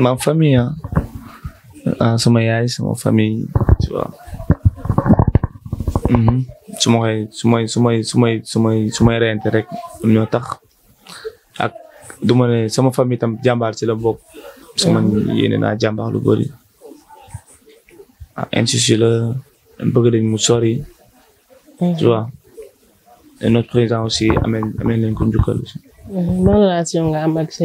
mam famille ah sama yaay sama famille tu vois su may su may su may su may su may su may reyante rek ñoo tax ak du ma ne sama famille tam jàmbaar ci la bok sama yéene naa jàmbaar lu bëri ah institut la bëgg nañ mu sori tu vois et notre président aussi amee amee nañ ko njukkal aussi. relation nga am ak sa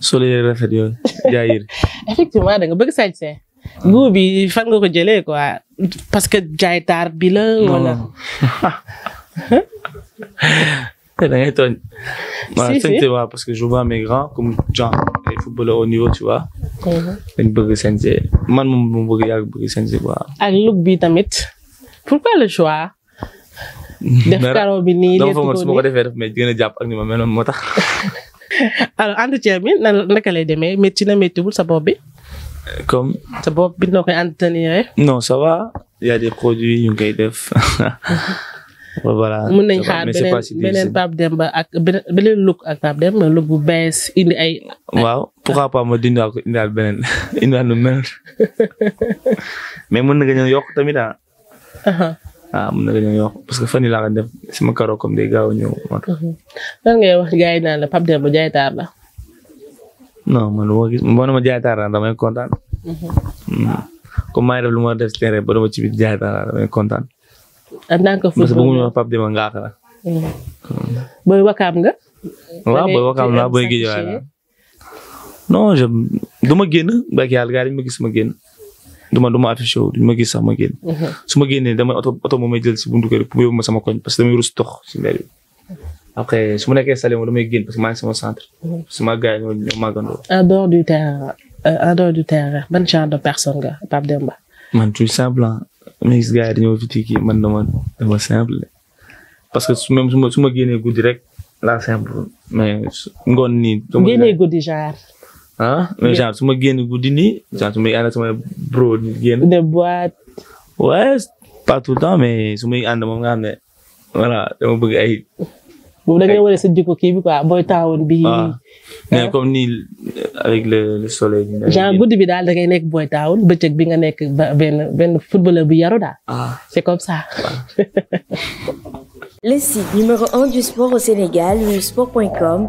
solo yee rafet yooyu effectivement da nga bëgg sañse guub bi fan nga ko jëlee quoi parce que jaay taar bi la wala. da ngay tooñ. voilà sañse waaw parce que je vois mes grands comme Jean ay footballeur au niveau tu vois. Mhm. dañ bëgg sañse man moom mu bëgg yàgg bëgg sañse quoi. ak look bi tamit pourquoi le choix. def karo bi nii lépp ko ma ko defee daf may a jàpp ak ni ma meloon moo tax. alors entretien bi na naka lay demee métti na méttiwul sa bopp bi. comme sa bi noo koy entretenir. non ça va y a des produits yu ngi koy def. voilà mën nañ xaar beneen beneen Pape Demba ak beneen look ak bu bees indi ay. waaw pourquoi pas ma dinaa ko indiwaat beneen indiwaat lu mel mais mën na nga ñëw yokk tamit ah. Uh-huh. ah mën na la ñuy wax parce que fan yii laa ko def karo comme day gaaw a ñëw moo tax. Mhm. lan ngay wax la Pape Demba jaay taar la. non man boo gis boo ma jaay taar la damay kontaan. Mhm. Mm. comme maa ngi lu ma def si terrain ba dama jaay taar la damay kontaan. en tant que football parce que bu ñu wax Pape Demba mhm. mm. waaw booy wakaam la booy géej waaye non je du ma ba yàlla gars yi ma gis ma génn. duma duma afi show duma ma gis sax mhm. ma génn su ma génnee dama oto oto moom may jël si bundu kër pour ma sama koñ parce que damay rus tox si mbedd bi après su ma nekkee salé moom parce que ngi sama centre mhm. sama gars ñoo ñoo màggandoo en dehors du terrain en euh, dehors du terrain ban genre de personne nga pap Demba man tu simple ma gis gars yi dañoo fiti man dama dama simple parce que su même su ma su ma génnee guddi rek laa simple mais ngoon ni génnee guddi genre Ha? jangan semua game gudi ni, macam semua anak semua bro game. Dia buat. wes, pas tout le temps, mais semua anak mau ngambil. Voilà, je mau pergi Vous wala sa jikko kii bi quoi booy taawoon bi. mais comme ni avec le le soleil. je guddi bi daal da ngay nekk booy taawoon bëccëg ben, nga nekk benn benn Ah. c'est comme ça. le site numéro 1 du sport au Sénégal, sport.com